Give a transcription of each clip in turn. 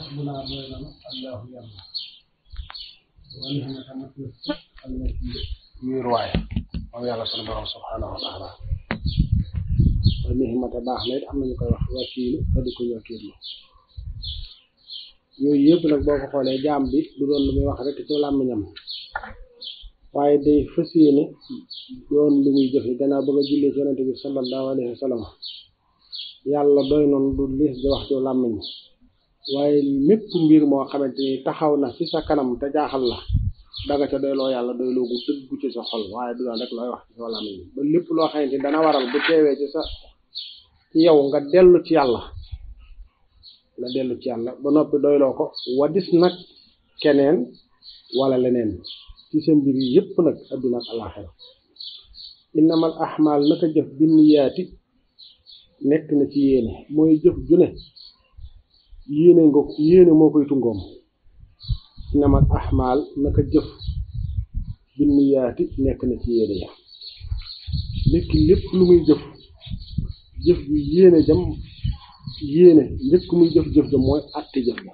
xasbunaa doy am nañu koy wax wakiilu yooyu yëpp nag boo ko xoolee jaam bi du doon lu muy wax rek ci làmmiñam waaye day fas yéene doon lu muy jëfe gannaaw bëgg a jullee ci yonente bi sallallahu alayhi wa yàlla doy noonu du liis di wax ci làmmiñ waaye mépp mbir moo xamante ni taxaw na ci sa kanam te jaaxal la danga ca doyloo yàlla doyloo gu dëggu ci sa xol waaye du doon rek looy wax lépp loo xamante ni dana waral bu nga dellu ci yàlla nga dellu ci yàlla ba noppi doyloo ko wadis nag keneen wala leneen ci sa mbir yépp yëpp nag adduna ak alaxira innamal ahmal naka jëf bi nekk na ci yéene mooy jëf ju ne yéene nga yéene moo koy tungoom innamal ahmaal naka jëf bin niyaati nekk na ci yéene ya nit ki lépp lu muy jëf jëf bi yéene jam yéene njëkk muy jëf-jëf jam mooy àtte jëf ja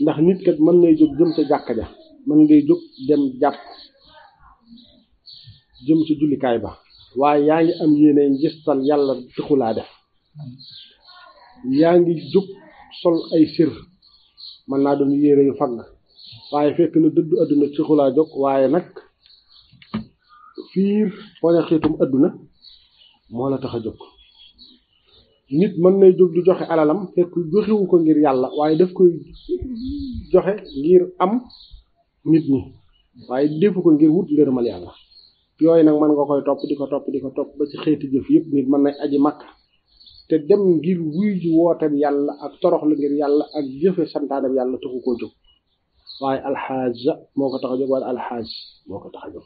ndax nit kat mën ngay jóg jëm ca jàkka ja mën ngay jóg dem jàpp jëm ci jullikaay ba waaye yaa ngi am yéene ngistal yàlla taxulaa def yaa ngi jóg sol ay sir mën naa doon yére yu fagg waaye fekk na dëddu adduna ci xulaa jóg waaye nag fiir poña xiitum adduna moo la tax a jóg nit mën nay jóg di joxe alalam fekk joxewu ko ngir yàlla waaye def koy joxe ngir am nit ñi waaye defu ko ngir wut mal yàlla yooyu nag mën nga koy topp di ko topp di ko topp ba ci xeeti jëf yëpp nit mën nay aji makka te dem ngir wuy ji wooteem yàlla ak toroxlu ngir yàlla ak jëfe santaanem yàlla taxu koo ko tax a jóg wala alxaaj moo ko tax a jóg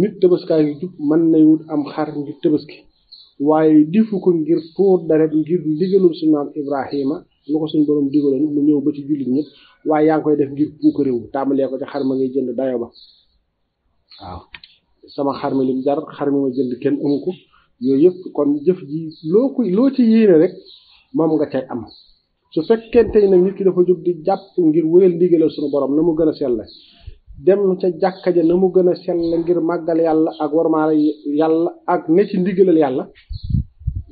nit tëbaskaay yu jub mën nay wut am xar ngir tëbaski waaye difu ko ngir tuur deret ngir ndigalul suñu maam Ibrahima lu ko suñ borom digaloon mu ñëw ba ci jullit ñëpp waaye yaa ngi koy def ngir puuk réew tàmbalee ko ci xar ma ngay jënd dayo ba waaw sama xar mi lim jar xar mi ma jënd kenn amu ko yooyu yëpp kon jëf ji loo ko loo ci yéene rek moom nga cay am su fekkente ne nit ki dafa jóg di jàpp ngir wéyal ndigalal sunu borom na mu gën a selle dem ca jàkka ja na mu gën a selle ngir màggal yàlla ak warmaale yàlla ak ne ci ndigalal yàlla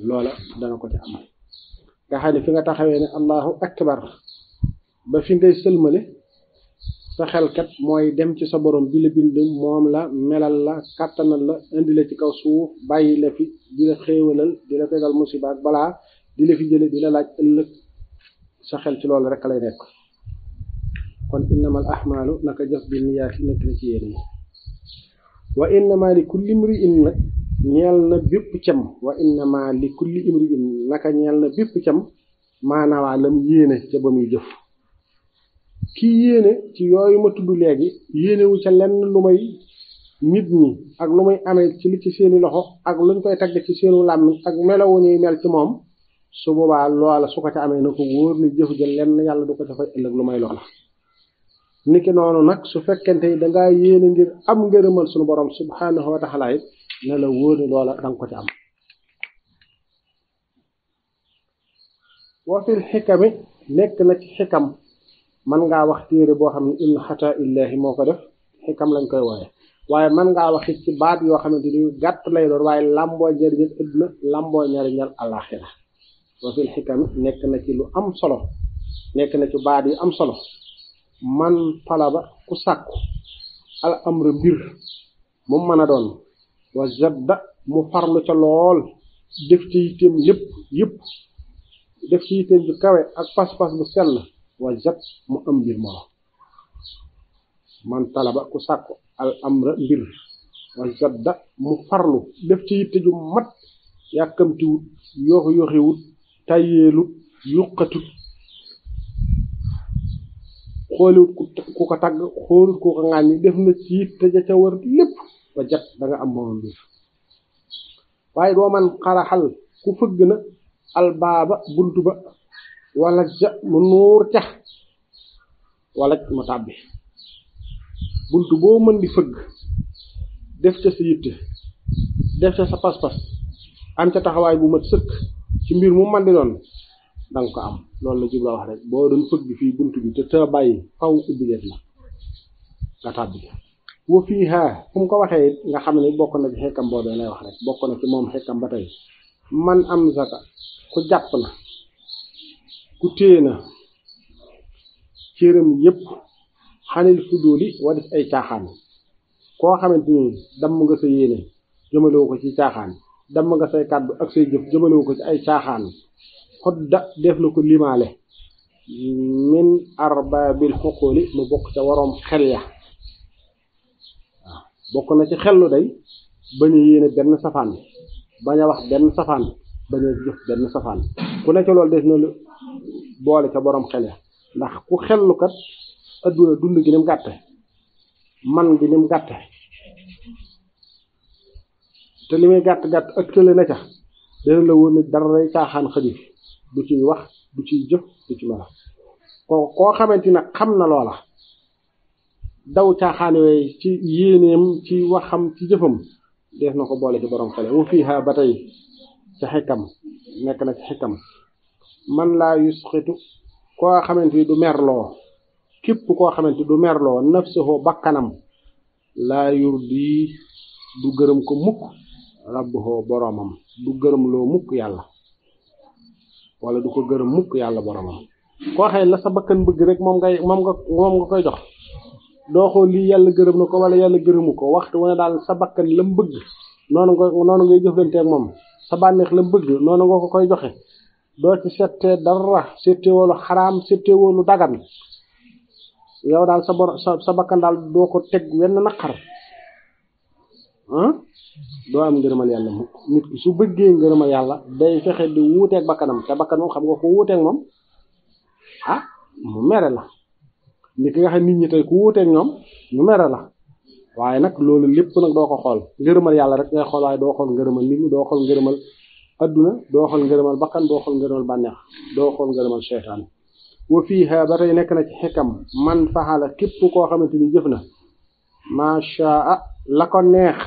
loola dana ko ca am nga xam ne fi nga taxawee ne allahu akbar ba fi ngay sëlmale sa xelkat mooy dem ci sa borom bi la bind moom la melal la kàttanal la indi la ci kaw suuf bàyyi la fi di la xéewalal di la fegal musiba balaa di la fi jële di la laaj ëllëg sa xel ci loolu rek lay nekk kon innamal ahmaalu naka jëf bi niyaat yi nekk na ci yéen yi wa innama li kulli imri in nag ñeel na bépp cam wa innama li kulli imri in naka ñeel na bépp cam maanaawaa lam yéene ca ba muy jëf kii yéene ci yooyu ma tudd léegi yéenewu ca lenn lu may nit ñi ak lu muy amee ci li ci seeni loxo ak luñ koy tagg ci seenu làmmiñ ak melawu ñuy mel ci moom su boobaa loola su ko ca amee na ko wóor ni jëf ja lenn yàlla du ko ca fay ëllëg lu may loola niki noonu nag su fekkente da ngaa yéene ngir am ngërëmal sunu borom subhanahu wa taala it na la wóor ni loola danga ko ca am wa fil nekk na ci xikam man ngaa wax yére boo xam ne ibnu xataa illahi moo ko def xikam lañ koy wooye waaye man ngaa wax ci baat yoo xamante ni gàtt lay doon waaye lamboo njëriñal adduna lamboo njëriñal alaxira nekk na ci lu am solo nekk na ci baat yu am solo man talaba ku sàkku al amra mbir mu mën a doon wa zabda mu farlu ca lool def ci yitteem lépp yëpp def ci yitteem ju kawe ak pas-pas bu sell wajat mu am mbir moom man talaba ku sàkku al amra mbir wajat da mu farlu def ci yitte ju mat yàkkamtiwut yooxu yooxiwut tayyeelut yuqatut xooliwut ku ko tagg xoolut ku ko ŋàññi def na ci yitte ja ca war lépp ba jat da nga am moom mbir waaye doo man xaraxal ku fëgg na albaaba buntu ba wala mu nuur ca wala mu tàbbi bunt boo mën di fëgg def ca sa yitte def ca sa pas-pas am ca taxawaay bu mat sëkk ci mbir mu man di doon danga ko am loolu la jubla wax rek boo doon fëgg fii bunt bi te tëra bàyyi faw ubbileet la nga tàbbi wa fii haa fu ko waxee nga xam ne bokk na ci xekkam boobee lay wax rek bokk na ci moom xekkam ba tey man am zaka ku jàpp na ku téye na cëram yépp xanil fudóoli wa def ay caaxaan koo xamante ni nga sa yéene jëmalewu ko ci caaxaan damm nga say kàddu ak say jëf jëmalewu ko ci ay caaxaan xodda def na ko limaale min arbabil xoqooli mu bokk ca waroom xel ya bokk na ci xellu day bañ a yéene benn safaan bañ wax benn safaan bañ jëf benn safaan ku nekk loolu def na boole ca borom xel ndax ku xellu kat adduna dund gi ni gàtte man gi ni mu gàtte te li may gàtt gàtt ak tële na ca dana la woon ni dara caaxaan xëju du ciy wax du ciy jëf du ci mela koo koo xamante ne xam na loola daw caaxaan yooyu ci yéeneem ci xam ci jëfam def na ko boole ci borom xel wa fiiha ba tey ci xikam nekk na ci xikam man laa yusxitu koo xamante ni du merloo képp koo xamante du merloo nafsuhu bakkanam laa yurdi du gërëm ko mukk rabbuhu boromam du gërëm loo mukk yàlla wala du ko gërëm mukk yàlla boromam koo xëy la sa bakkan bëgg rek moom ngay moom nga moom nga koy jox doo xool lii yàlla gërëm na ko wala yàlla gërëmu ko waxtu wu daal sa bakkan la mu bëgg noonu nga noonu ngay jëflante ak moom la bëgg noonu nga koy joxe doo ci settee dara settewoolu xaraam settewoolu dagan yow daal sa bor sa bakkan daal doo ko teg wenn naqar ah doo am ngërëmal yàlla mu nit ki su bëggee ngërëmal yàlla day fexe di wuuteeg bakkanam te bakkan moom xam nga ko wuuteeg moom ah mu mere la ni ki nga xam nit ñi tey ku wuuteeg ñoom ñu mere la waaye nag loolu lépp nag doo ko xool ngërëmal yàlla rek ngay xool waaye doo xool ngërëmal nit ñi doo xool ngërëmal adduna doo xool ngërëmal bakkan doo xool ngërëmal bànneex doo xool ngërëmal seytaane wa fiiha ba tey nekk na ci xikam man faxala képp koo xamante ni jëf na macha ah la neex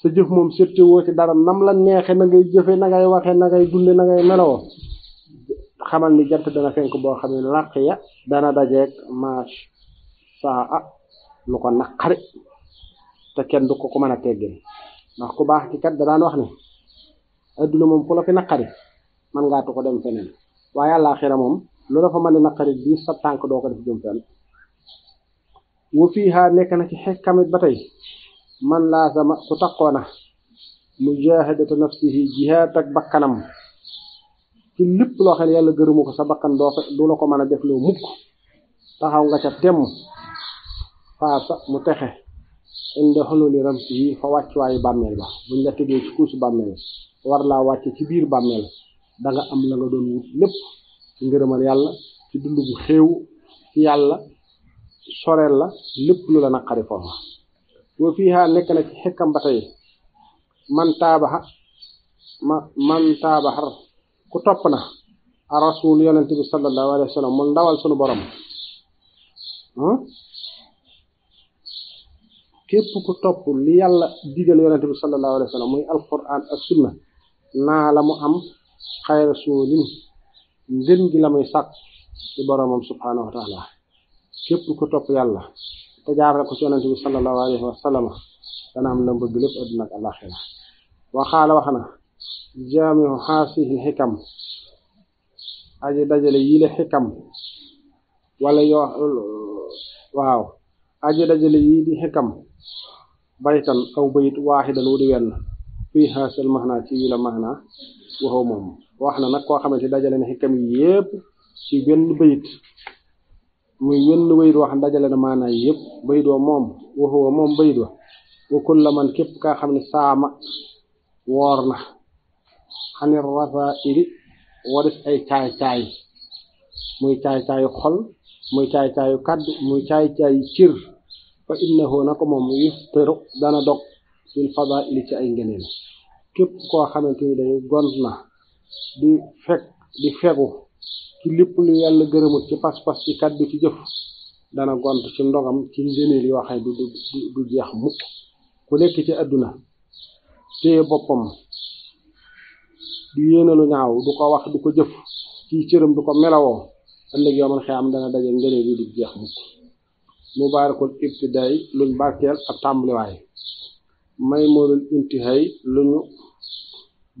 sa jëf moom surtout woo ci dara nam la neexe na ngay jëfe na waxe na ngay dunde na ngay meloo xamal ni jant dana fenk boo xam ne làq ya dana dajeeg macha ah lu ko naqari te kenn du ko ko mën a teggin ndax ku baax ki da daan wax ne adduna moom ku la fi naqari man ngaa ko dem feneen waaye àllaaxira moom lu dafa mën di naqari bii sa tànk doo ko def jëm fenn wu fiiha nekk na ci xekkamit ba tey man laazama ku takkoona mujaahadata nafsihi jihaad ak bakkanam ci lépp loo xam ne yàlla gërëmu ko sa bakkan doo ko du la ko mën a def loo mukk taxaw nga ca temm faasa mu texe inda xululi ramsihi fa wàccuwaayu bàmmeel ba buñ la tegee ci kuusu bàmmeel war laa wàcce ci biir bàmmeel da am la nga doon lépp ci yàlla ci dund bu xéew yàlla soreel la lépp lu la naqari foofa wa fiiha nekk na ci xekkam ba tey man taabaxa ma man taabaxar ku topp na a rasul yonente bi sallallahu alayhi wa sallam ndawal sunu borom hmm? képp ku topp li yàlla digal yonente bi sallallahu alayhi wa sallam muy alquran ak sunna naa la mu am xayra suulin ngën gi la muy sàkk ci boroomam subhaanahu wa taala képp ku topp yàlla te jaarale ko ci yonente bi sallallahu alayhi wa sallama dana la mbëgg lépp adduna ak alaxira waxaala wax na jaamihu xaasihi xikam aji dajale yile xikam wala yoo waaw aji dajale yii di xikam baytan aw bayit wu di wenn في هذا المهنا في المهنا وهو مم واحنا نقوى خمسة دجال إن هيكم يب في بين بيت مي بين بيت واحنا دجال إن مهنا يب بيت ومم وهو مم بيت وكل من كيف كا خمسة ساعة ما وارنا هني الرضا إلي ورس أي تاي تاي مي تاي تاي خل مي تاي تاي كد مي تاي تاي كير فإنه نقوم يفطر دنا دك fil fadaili ci ay ngëneel képp koo xamante ni day gont na di fekk di fegu ci lépp lu yàlla gërëmut ci pas-pas ci kàddu ci jëf dana gont ci ndogam ci ngëneel yoo xam ne du du jeex mukk ku nekk ci àdduna téye boppam du yéene lu ñaaw du ko wax du ko jëf ci cëram du ko melawoo ëllëg yoo man xëy am dana daje ngëneel yi du jeex mukk mubaarakul ibtidaay luñ barkeel ab tàmbaliwaay maymoonul intihay lu ñu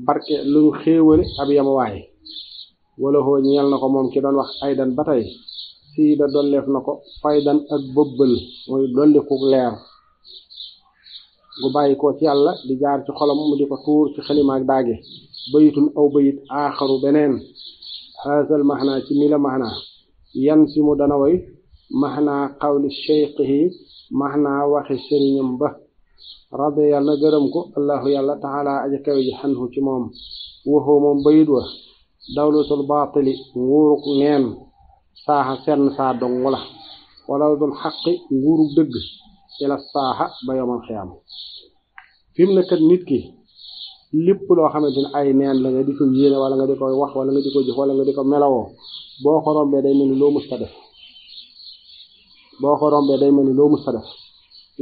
barke lu ñu xéewale ab yamawaay wala xoo ñeel na ko moom ki doon wax aydan ba tey sii dolleef na ko fay dan ak bëbbal mooy dolliku leer gu bàyyi ko ci yàlla di jaar ci xolam mu di ko tuur ci xalimaak daage bayitun aw bayit aaxaru beneen haasal maxnaa ci mila maxnaa yan si mu dana way maxnaa xawli cheyqihi maxnaa waxi sëriñam ba rada na gërëm ko allahu yàlla taala aja kaw ji xanhu ci moom waxoo moom bayit wa dawlatul baatili nguurug neen saaxa senn saa dong la walaw dul xaqi nguurug dëgg ila saaxa ba yomal xiyaam fi mu nekkat nit ki lépp loo xamante ne ay neen la nga di ko yéene wala nga di ko wax wala nga di ko jëf wala nga di ko melawoo boo ko rombee day mel ni loo mus def boo ko rombee day mel loo mus def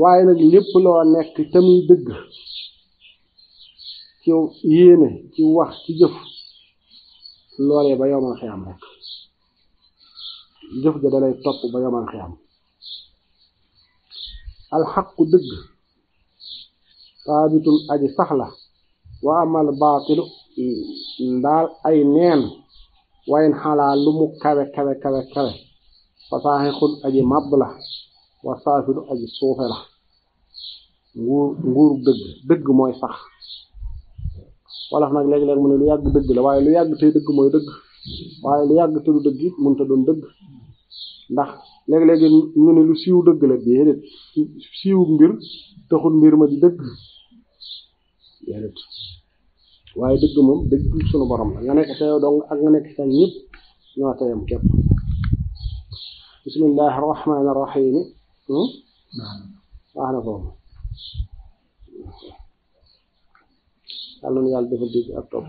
waaye nag lépp loo nekk te dëgg ci yéene ci wax ci jëf loolee ba yomal xiyam rek jëf ja dalay topp ba yomal xiyam alxaqu dëgg saabitun aji saxla wa amal baatilu ndaal ay neen wayen xalaa lu mu kawe kawe kawe kawe fasaaxi xun aji màbb la wa saafilu aji suufe la nguur nguur dëgg dëgg mooy sax wolof nag léeg-léeg mu ne lu yàgg dëgg la waaye lu yàgg tey dëgg mooy dëgg waaye lu yàgg te du dëgg it doon dëgg ndax léeg-léeg ñu ne lu siiw dëgg la déedéet siiw mbir taxul mbir ma di dëgg déedéet waaye dëgg moom dëgg sunu borom la nga nekk sa yow dong ak nga nekk bismillahi rahmaani rahim Hmm? baax na foofu yàlla na yàlla defal dégg ak topp